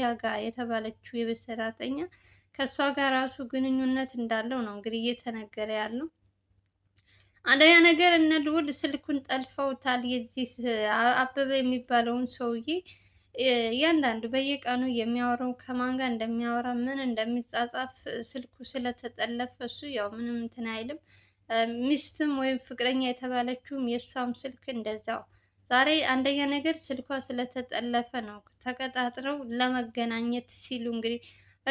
ያ ጋር የተባለችው የቤት ሰራተኛ ከእሷ ጋር ራሱ ግንኙነት እንዳለው ነው እንግዲህ እየተነገረ ያለው። አንደኛ ነገር እነ ልዑል ስልኩን ጠልፈውታል። የዚህ አበበ የሚባለውን ሰውዬ እያንዳንዱ በየቀኑ የሚያወራው ከማን ጋር እንደሚያወራ ምን እንደሚጻጻፍ ስልኩ ስለተጠለፈ እሱ ያው ምንም እንትን አይልም። ሚስትም ወይም ፍቅረኛ የተባለችውም የእሷም ስልክ እንደዛው ዛሬ አንደኛ ነገር ስልኳ ስለተጠለፈ ነው። ተቀጣጥረው ለመገናኘት ሲሉ እንግዲህ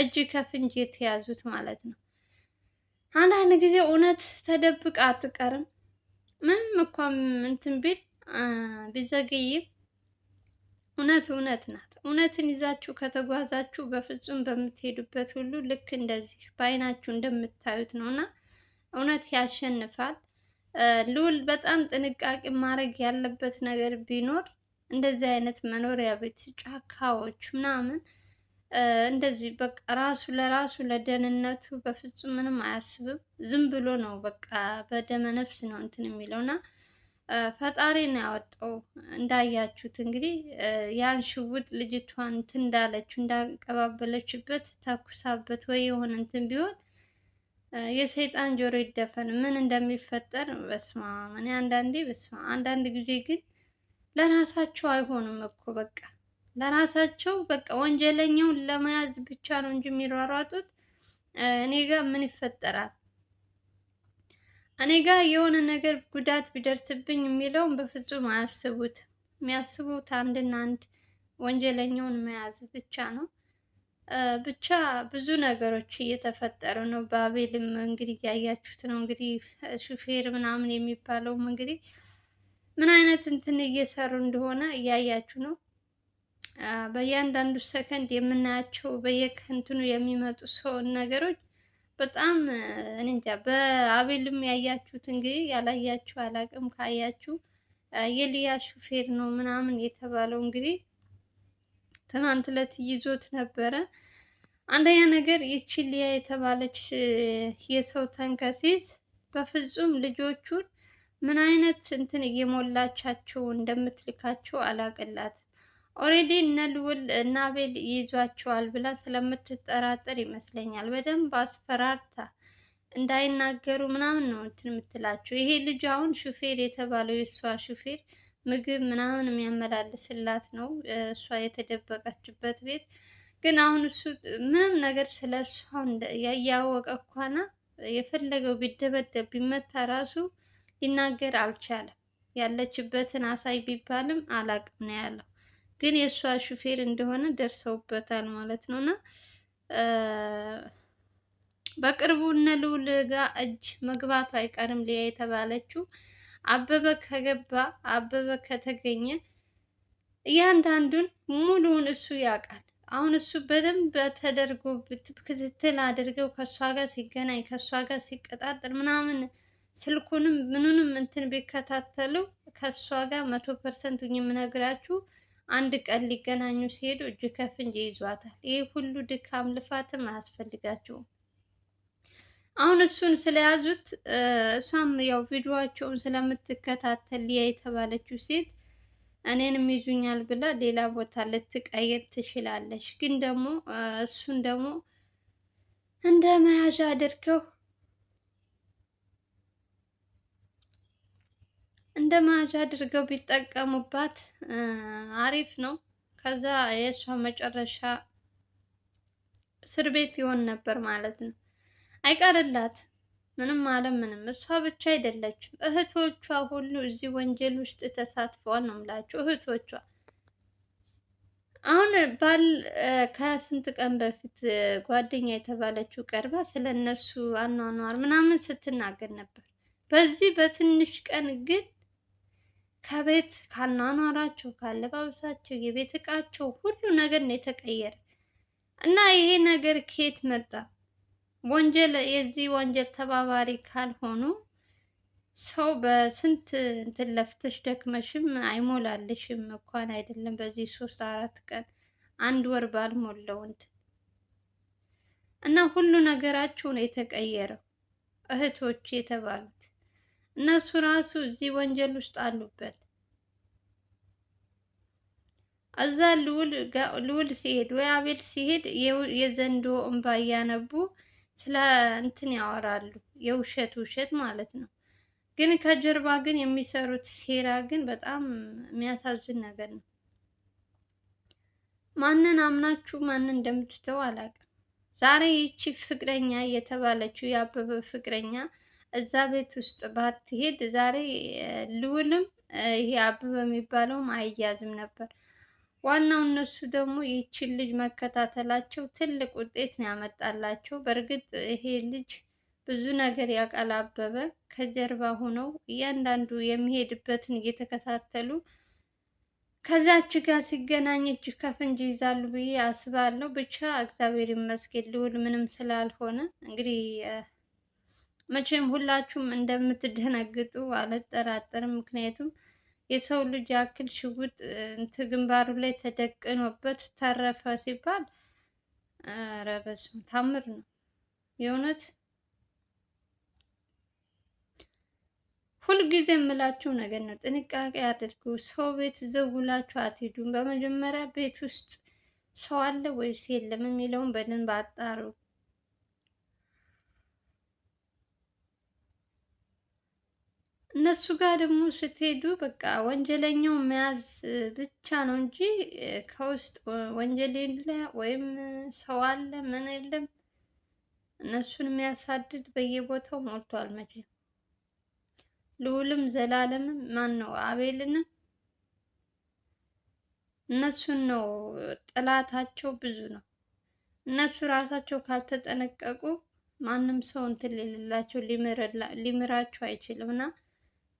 እጅ ከፍንጅ የተያዙት ማለት ነው። አንዳንድ ጊዜ እውነት ተደብቃ አትቀርም። ምንም እንኳን እንትን ቢል ቢዘገይም እውነት እውነት ናት። እውነትን ይዛችሁ ከተጓዛችሁ በፍጹም በምትሄዱበት ሁሉ ልክ እንደዚህ በአይናችሁ እንደምታዩት ነው እና እውነት ያሸንፋል። ልዑል በጣም ጥንቃቄ ማድረግ ያለበት ነገር ቢኖር እንደዚህ አይነት መኖሪያ ቤት ጫካዎች ምናምን እንደዚህ በቃ ራሱ ለራሱ ለደህንነቱ በፍጹም ምንም አያስብም። ዝም ብሎ ነው በቃ በደመ ነፍስ ነው እንትን የሚለው እና ፈጣሪ ነው ያወጣው። እንዳያችሁት እንግዲህ ያን ሽውጥ ልጅቷን እንትን እንዳለችው እንዳቀባበለችበት ተኩሳበት ወይ የሆነ እንትን ቢሆን የሰይጣን ጆሮ ይደፈን። ምን እንደሚፈጠር በስማ እኔ አንዳንዴ በስማ አንዳንድ ጊዜ ግን ለራሳቸው አይሆንም እኮ በቃ ለራሳቸው በቃ ወንጀለኛውን ለመያዝ ብቻ ነው እንጂ የሚሯሯጡት። እኔ ጋር ምን ይፈጠራል? እኔ ጋር የሆነ ነገር ጉዳት ቢደርስብኝ የሚለውን በፍጹም አያስቡት። የሚያስቡት አንድና አንድ ወንጀለኛውን መያዝ ብቻ ነው። ብቻ ብዙ ነገሮች እየተፈጠሩ ነው። በአቤልም እንግዲህ እያያችሁት ነው። እንግዲህ ሹፌር ምናምን የሚባለውም እንግዲህ ምን አይነት እንትን እየሰሩ እንደሆነ እያያችሁ ነው። በእያንዳንዱ ሰከንድ የምናያቸው በየከንትኑ የሚመጡ ሰውን ነገሮች በጣም እንጃ። በአቤልም ያያችሁት እንግዲህ ያላያችሁ አላቅም፣ ካያችሁ የልያ ሹፌር ነው ምናምን የተባለው እንግዲህ ትናንት ዕለት ይዞት ነበረ። አንደኛ ነገር ይቺ ሊያ የተባለች የሰው ተንከሴት በፍጹም ልጆቹን ምን አይነት እንትን እየሞላቻቸው እንደምትልካቸው አላቅላትም። ኦሬዲ እነ ልዑል እና አቤል ይይዟቸዋል ብላ ስለምትጠራጠር ይመስለኛል በደንብ አስፈራርታ እንዳይናገሩ ምናምን ነው እንትን የምትላቸው። ይሄ ልጅ አሁን ሹፌር የተባለው የእሷ ሹፌር ምግብ ምናምን የሚያመላልስላት ነው እሷ የተደበቀችበት ቤት። ግን አሁን እሱ ምንም ነገር ስለ እሷ እያወቀ እኳና የፈለገው ቢደበደብ ቢመታ ራሱ ሊናገር አልቻለም። ያለችበትን አሳይ ቢባልም አላቅም ነው ያለው። ግን የእሷ ሹፌር እንደሆነ ደርሰውበታል ማለት ነው። እና በቅርቡ እነ ልዑል እጅ መግባቱ አይቀርም ሊያ የተባለችው አበበ ከገባ አበበ ከተገኘ እያንዳንዱን ሙሉውን እሱ ያውቃል። አሁን እሱ በደንብ ተደርጎ ክትትል አድርገው ከእሷ ጋር ሲገናኝ ከእሷ ጋር ሲቀጣጠል ምናምን ስልኩንም ምኑንም እንትን ቢከታተሉ ከእሷ ጋር መቶ ፐርሰንት የምነግራችሁ አንድ ቀን ሊገናኙ ሲሄዱ እጅ ከፍንጅ ይዟታል። ይህ ሁሉ ድካም ልፋትም አያስፈልጋቸውም። አሁን እሱን ስለያዙት እሷም ያው ቪዲዮዋቸውን ስለምትከታተል ሊያ የተባለችው ሴት እኔንም ይዙኛል ብላ ሌላ ቦታ ልትቀይር ትችላለች። ግን ደግሞ እሱን ደግሞ እንደ መያዣ አድርገው እንደ መያዣ አድርገው ቢጠቀሙባት አሪፍ ነው። ከዛ የእሷ መጨረሻ እስር ቤት ይሆን ነበር ማለት ነው። አይቀርላት። ምንም አለ ምንም፣ እሷ ብቻ አይደለችም። እህቶቿ ሁሉ እዚህ ወንጀል ውስጥ ተሳትፈዋል ነው የምላቸው። እህቶቿ አሁን ባል ከስንት ቀን በፊት ጓደኛ የተባለችው ቀርባ ስለ እነሱ አኗኗር ምናምን ስትናገር ነበር። በዚህ በትንሽ ቀን ግን ከቤት ካኗኗራቸው፣ ካለባበሳቸው፣ የቤት እቃቸው ሁሉ ነገር ነው የተቀየረ እና ይሄ ነገር ከየት መጣ? ወንጀል የዚህ ወንጀል ተባባሪ ካልሆኑ ሰው በስንት እንትን ለፍተሽ ደክመሽም አይሞላልሽም እንኳን አይደለም በዚህ ሶስት አራት ቀን አንድ ወር ባልሞላው እንትን እና ሁሉ ነገራቸው ነው የተቀየረው። እህቶች የተባሉት እነሱ ራሱ እዚህ ወንጀል ውስጥ አሉበት። እዛ ልውል ልውል ሲሄድ ወይ አቤል ሲሄድ የዘንዶ እምባ እያነቡ ስለ እንትን ያወራሉ፣ የውሸት ውሸት ማለት ነው። ግን ከጀርባ ግን የሚሰሩት ሴራ ግን በጣም የሚያሳዝን ነገር ነው። ማንን አምናችሁ ማንን እንደምትተው አላውቅም። ዛሬ ይቺ ፍቅረኛ እየተባለችው የአበበ ፍቅረኛ እዛ ቤት ውስጥ ባትሄድ ዛሬ ልውልም ይሄ አበበ የሚባለውም አይያዝም ነበር። ዋናው እነሱ ደግሞ ይችን ልጅ መከታተላቸው ትልቅ ውጤት ነው ያመጣላቸው። በእርግጥ ይሄ ልጅ ብዙ ነገር ያቀላበበ ከጀርባ ሆነው እያንዳንዱ የሚሄድበትን እየተከታተሉ ከዛች ጋር ሲገናኝ እጅ ከፍንጅ ይዛሉ ብዬ አስባለሁ። ብቻ እግዚአብሔር ይመስገን ልውል ምንም ስላልሆነ እንግዲህ መቼም ሁላችሁም እንደምትደነግጡ አልጠራጠርም። ምክንያቱም የሰው ልጅ ያክል ሽጉጥ እንትን ግንባሩ ላይ ተደቅኖበት ተረፈ ሲባል ኧረ በስመ ታምር ነው የእውነት። ሁልጊዜ የምላችሁ ነገር ነው፣ ጥንቃቄ አድርጉ። ሰው ቤት ዘው ብላችሁ አትሄዱም። በመጀመሪያ ቤት ውስጥ ሰው አለ ወይስ የለም የሚለውን በደንብ አጣሩ። እነሱ ጋር ደግሞ ስትሄዱ በቃ ወንጀለኛው መያዝ ብቻ ነው እንጂ ከውስጥ ወንጀል የለ ወይም ሰው አለ ምን የለም። እነሱን የሚያሳድድ በየቦታው ሞልቷል። መቼ ልዑልም ዘላለምም ማን ነው አቤልንም እነሱን ነው ጥላታቸው ብዙ ነው። እነሱ ራሳቸው ካልተጠነቀቁ ማንም ሰው እንትን ሊልላቸው ሊምራቸው አይችልም እና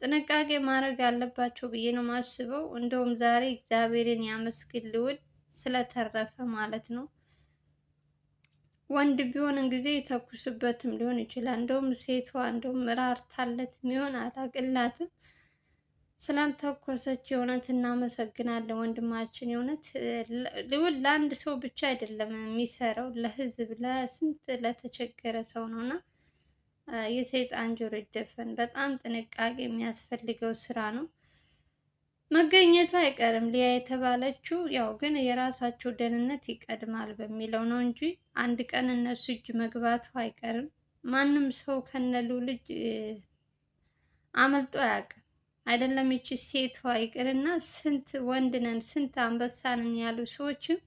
ጥንቃቄ ማድረግ አለባቸው ብዬ ነው የማስበው። እንደውም ዛሬ እግዚአብሔርን ያመስግን ልውል ስለተረፈ ማለት ነው። ወንድ ቢሆንን ጊዜ የተኩስበትም ሊሆን ይችላል። እንደውም ሴቷ እንደውም ራርታለት የሚሆን አላቅላትም ስላልተኮሰች የእውነት እናመሰግናለን ወንድማችን። የእውነት ልውል ለአንድ ሰው ብቻ አይደለም የሚሰራው፣ ለህዝብ፣ ለስንት ለተቸገረ ሰው ነው እና የሰይጣን ጆሮ ይደፈን። በጣም ጥንቃቄ የሚያስፈልገው ስራ ነው። መገኘቱ አይቀርም። ሊያ የተባለችው ያው ግን የራሳቸው ደህንነት ይቀድማል በሚለው ነው እንጂ አንድ ቀን እነሱ እጅ መግባቱ አይቀርም። ማንም ሰው ከነሉ ልጅ አመልጦ አያውቅም። አይደለም ይቺ ሴቷ ይቅርና ስንት ወንድ ነን ስንት አንበሳ ነን ያሉ ሰዎችም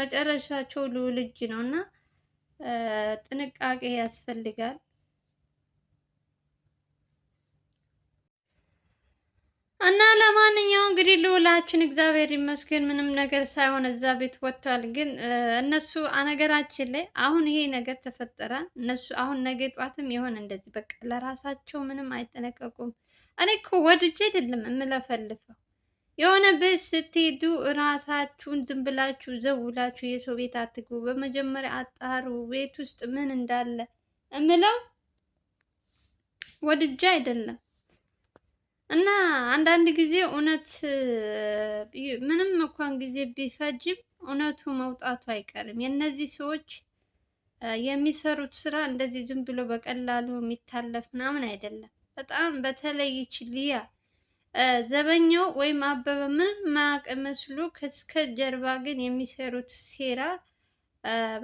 መጨረሻቸው ልዑል እጅ ነው እና ጥንቃቄ ያስፈልጋል። እና ለማንኛውም እንግዲህ ልውላችን እግዚአብሔር ይመስገን ምንም ነገር ሳይሆን እዛ ቤት ወጥቷል። ግን እነሱ ነገራችን ላይ አሁን ይሄ ነገር ተፈጠረ። እነሱ አሁን ነገ ጧትም የሆነ እንደዚህ በቃ ለራሳቸው ምንም አይጠነቀቁም። እኔ እኮ ወድጄ አይደለም የምለፈልፈው የሆነ ቤት ስትሄዱ እራሳችሁን ዝም ብላችሁ ዘውላችሁ የሰው ቤት አትግቡ። በመጀመሪያ አጣሩ ቤት ውስጥ ምን እንዳለ እምለው ወድጄ አይደለም እና አንዳንድ ጊዜ እውነት ምንም እንኳን ጊዜ ቢፈጅም እውነቱ መውጣቱ አይቀርም። የእነዚህ ሰዎች የሚሰሩት ስራ እንደዚህ ዝም ብሎ በቀላሉ የሚታለፍ ምናምን አይደለም። በጣም በተለይ ይች ሊያ ዘበኛው ወይም አበበ ምንም ማያውቅ መስሎ ከስከ ጀርባ ግን የሚሰሩት ሴራ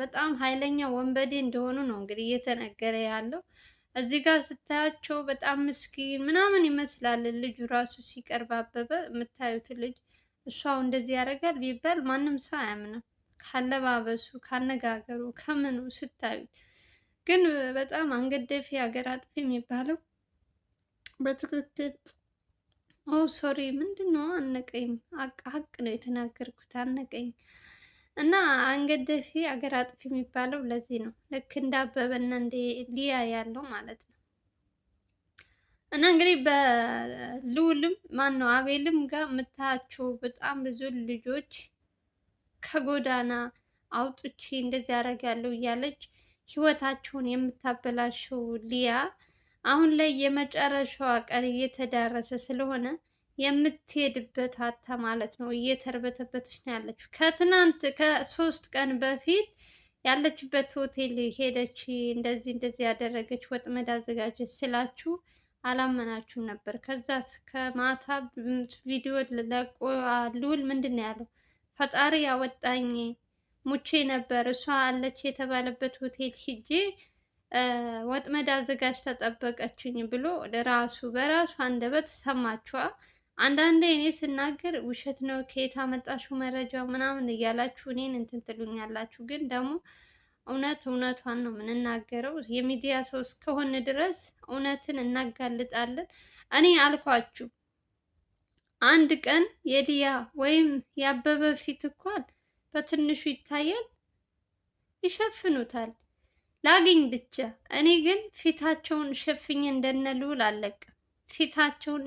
በጣም ኃይለኛ ወንበዴ እንደሆኑ ነው እንግዲህ እየተነገረ ያለው። እዚህ ጋር ስታያቸው በጣም ምስኪን ምናምን ይመስላል። ልጁ ራሱ ሲቀርብ አበበ የምታዩት ልጅ እሷው እንደዚህ ያደርጋል ቢባል ማንም ሰው አያምንም። ካለባበሱ፣ ካነጋገሩ፣ ከምኑ ስታዩት ግን በጣም አንገደፊ ሀገር አጥፊ የሚባለው በትክክል ኦ ሶሪ ምንድን ነው አነቀኝ፣ ሀቅ ነው የተናገርኩት አነቀኝ እና አንገት ደፊ አገር አጥፊ የሚባለው ለዚህ ነው። ልክ እንዳበበ እና እንደ ሊያ ያለው ማለት ነው። እና እንግዲህ በልዑልም ማን ነው አቤልም ጋር የምታያቸው በጣም ብዙ ልጆች ከጎዳና አውጥቼ እንደዚህ አደርጋለሁ እያለች ህይወታቸውን የምታበላሸው ሊያ አሁን ላይ የመጨረሻዋ ቀን እየተዳረሰ ስለሆነ የምትሄድበት አታ ማለት ነው። እየተርበተበተች ነው ያለችው። ከትናንት ከሶስት ቀን በፊት ያለችበት ሆቴል ሄደች፣ እንደዚህ እንደዚህ ያደረገች ወጥመድ አዘጋጀች ስላችሁ አላመናችሁም ነበር። ከዛ እስከ ማታ ቪዲዮ ለቆ ልዑል ምንድን ነው ያለው? ፈጣሪ ያወጣኝ ሙቼ ነበር። እሷ አለች የተባለበት ሆቴል ሂጄ ወጥመድ አዘጋጅ ተጠበቀችኝ ብሎ ራሱ በራሱ አንደበት ሰማችኋ። አንዳንዴ እኔ ስናገር ውሸት ነው ከየት አመጣሽው መረጃው ምናምን እያላችሁ እኔን እንትን ትሉኛላችሁ። ግን ደግሞ እውነት እውነቷን ነው የምንናገረው። የሚዲያ ሰው እስከሆን ድረስ እውነትን እናጋልጣለን። እኔ አልኳችሁ አንድ ቀን የሊያ ወይም ያበበ ፊት እንኳን በትንሹ ይታያል፣ ይሸፍኑታል ላግኝ ብቻ። እኔ ግን ፊታቸውን ሸፍኜ እንደነ ልዑል አለቅም ፊታቸውን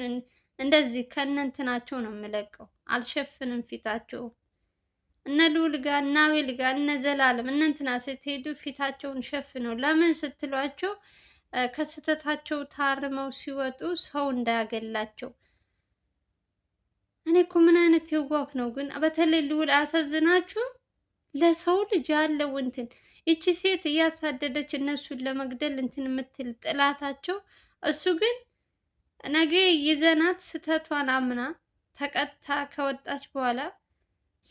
እንደዚህ ከእነንትናቸው ነው የምለቀው። አልሸፍንም ፊታቸው እነ ልዑል ጋር እነ አቤል ጋር እነ ዘላለም እነንትና ስትሄዱ ፊታቸውን ሸፍነው ለምን ስትሏቸው ከስህተታቸው ታርመው ሲወጡ ሰው እንዳያገላቸው። እኔ እኮ ምን አይነት የዋህ ነው ግን! በተለይ ልዑል አያሳዝናችሁም? ለሰው ልጅ ያለው እንትን ይቺ ሴት እያሳደደች እነሱን ለመግደል እንትን የምትል ጥላታቸው እሱ ግን ነገ ይዘናት ስህተቷን አምና ተቀጣ ከወጣች በኋላ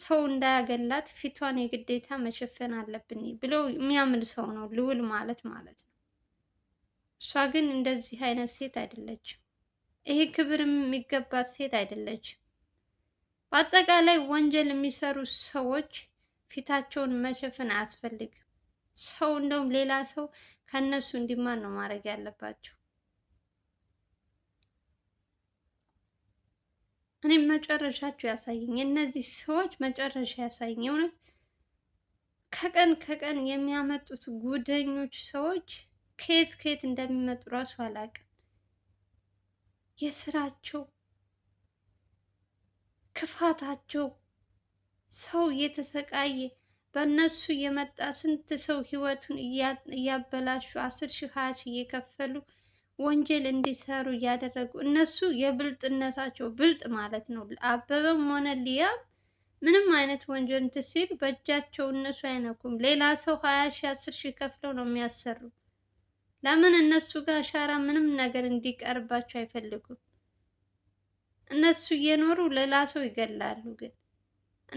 ሰው እንዳያገላት ፊቷን የግዴታ መሸፈን አለብን ብሎ የሚያምን ሰው ነው ልውል ማለት ማለት ነው። እሷ ግን እንደዚህ አይነት ሴት አይደለችም። ይሄ ክብርም የሚገባት ሴት አይደለችም። በአጠቃላይ ወንጀል የሚሰሩ ሰዎች ፊታቸውን መሸፈን አያስፈልግም። ሰው እንደውም ሌላ ሰው ከእነሱ እንዲማር ነው ማድረግ ያለባቸው። እኔም መጨረሻቸው ያሳየኝ፣ እነዚህ ሰዎች መጨረሻ ያሳየኝ። የእውነት ከቀን ከቀን የሚያመጡት ጉደኞች ሰዎች ከየት ከየት እንደሚመጡ እራሱ አላውቅም። የስራቸው ክፋታቸው ሰው እየተሰቃየ በእነሱ የመጣ ስንት ሰው ህይወቱን እያበላሹ አስር ሺህ ሀያ ሺህ እየከፈሉ ወንጀል እንዲሰሩ እያደረጉ እነሱ የብልጥነታቸው ብልጥ ማለት ነው። አበበም ሆነ ሊያ ምንም አይነት ወንጀል እንትን በእጃቸው እነሱ አይነኩም። ሌላ ሰው ሀያ ሺ አስር ሺ ከፍለው ነው የሚያሰሩ። ለምን እነሱ ጋር አሻራ ምንም ነገር እንዲቀርባቸው አይፈልጉም። እነሱ እየኖሩ ሌላ ሰው ይገላሉ ግን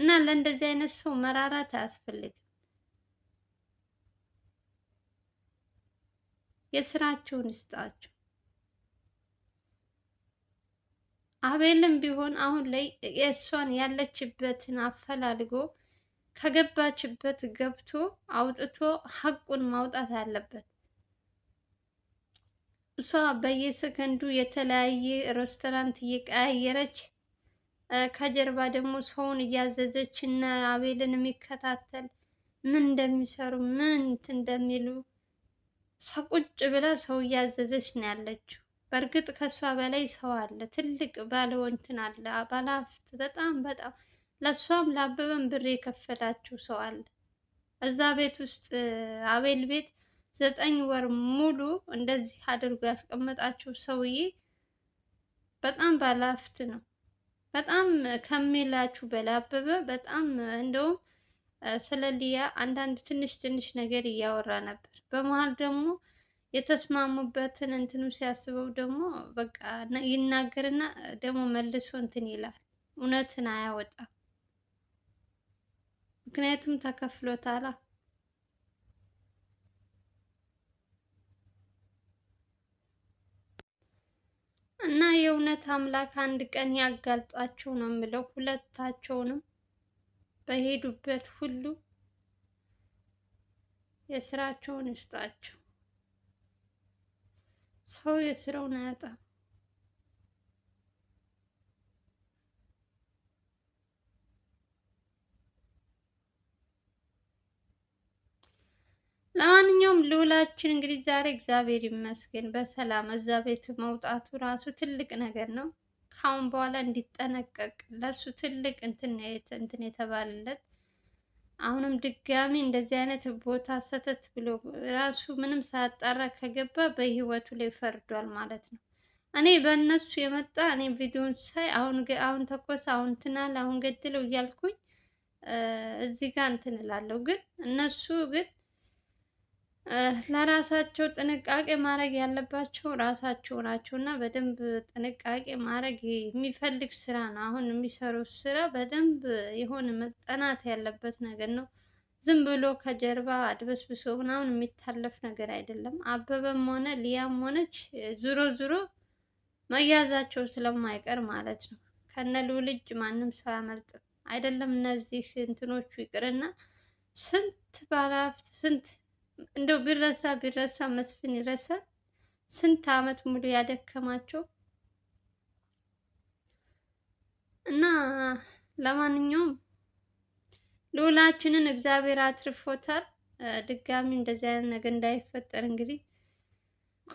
እና ለእንደዚህ አይነት ሰው መራራት አያስፈልግም። የስራቸውን ይስጣቸው። አቤልም ቢሆን አሁን ላይ የእሷን ያለችበትን አፈላልጎ ከገባችበት ገብቶ አውጥቶ ሀቁን ማውጣት አለበት። እሷ በየሰከንዱ የተለያየ ሬስቶራንት እየቀያየረች ከጀርባ ደግሞ ሰውን እያዘዘች እና አቤልን የሚከታተል ምን እንደሚሰሩ ምን እንደሚሉ ቁጭ ብላ ሰው እያዘዘች ነው ያለችው። በእርግጥ ከእሷ በላይ ሰው አለ፣ ትልቅ ባለ እንትን አለ፣ ባለሀብት በጣም በጣም ለእሷም ለአበበም ብር የከፈላችው ሰው አለ። እዛ ቤት ውስጥ አቤል ቤት ዘጠኝ ወር ሙሉ እንደዚህ አድርጎ ያስቀመጣቸው ሰውዬ በጣም ባለሀብት ነው። በጣም ከሚላችሁ በላይ አበበ በጣም እንደውም ስለ ሊያ አንዳንድ ትንሽ ትንሽ ነገር እያወራ ነበር። በመሀል ደግሞ የተስማሙበትን እንትኑ ሲያስበው ደግሞ በቃ ይናገርና ደግሞ መልሶ እንትን ይላል። እውነትን አያወጣም። ምክንያቱም ተከፍሎታላ። እና የእውነት አምላክ አንድ ቀን ያጋልጣቸው ነው የምለው ሁለታቸውንም። በሄዱበት ሁሉ የስራቸውን ይስጣቸው። ሰው የስራውን አያጣም። ለማንኛውም ልውላችን እንግዲህ ዛሬ እግዚአብሔር ይመስገን በሰላም እዛ ቤት መውጣቱ ራሱ ትልቅ ነገር ነው። ካሁን በኋላ እንዲጠነቀቅ ለሱ ትልቅ እንትን የተባለለት አሁንም ድጋሚ እንደዚህ አይነት ቦታ ሰተት ብሎ ራሱ ምንም ሳያጣራ ከገባ በህይወቱ ላይ ፈርዷል ማለት ነው። እኔ በእነሱ የመጣ እኔ ቪዲዮን ሳይ አሁን አሁን ተኮሰ፣ አሁን ትናል፣ አሁን ገድለው እያልኩኝ እዚህ ጋር እንትን እላለሁ። ግን እነሱ ግን ለራሳቸው ጥንቃቄ ማድረግ ያለባቸው ራሳቸው ናቸው እና በደንብ ጥንቃቄ ማድረግ የሚፈልግ ስራ ነው። አሁን የሚሰሩት ስራ በደንብ የሆነ መጠናት ያለበት ነገር ነው። ዝም ብሎ ከጀርባ አድበስብሶ ምናምን የሚታለፍ ነገር አይደለም። አበበም ሆነ ሊያም ሆነች ዙሮ ዙሮ መያዛቸው ስለማይቀር ማለት ነው። ከነሉ ልጅ ማንም ሰው አያመልጥም አይደለም። እነዚህ እንትኖቹ ይቅርና ስንት ባለሀብት ስንት እንደው ቢረሳ ቢረሳ መስፍን ይረሳል። ስንት አመት ሙሉ ያደከማቸው እና ለማንኛውም ልዑላችንን እግዚአብሔር አትርፎታል። ድጋሚ እንደዚህ አይነት ነገር እንዳይፈጠር እንግዲህ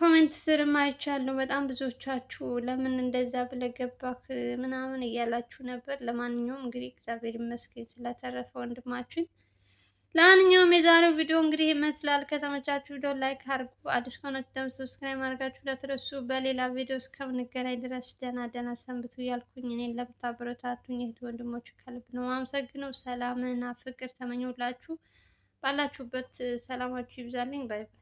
ኮሜንት ስርም አይቻለሁ። በጣም ብዙዎቻችሁ ለምን እንደዛ ብለህ ገባህ ምናምን እያላችሁ ነበር። ለማንኛውም እንግዲህ እግዚአብሔር ይመስገን ስለተረፈ ወንድማችን። ለማንኛውም የዛሬው ቪዲዮ እንግዲህ ይመስላል። ከተመቻችሁ ቪዲዮ ላይክ አድርጉ። አዲስ ከሆናችሁ ደግሞ ሰብስክራይብ ማድረጋችሁ ለትረሱ በሌላ ቪዲዮ እስከምንገናኝ ድረስ ደህና ደህና ሰንብቱ እያልኩኝ እኔን ለምታበረታቱኝ እህት ወንድሞች ከልብ ነው አመሰግነው። ሰላምና ፍቅር ተመኘሁላችሁ። ባላችሁበት ሰላማችሁ ይብዛልኝ። ባይ ባይ።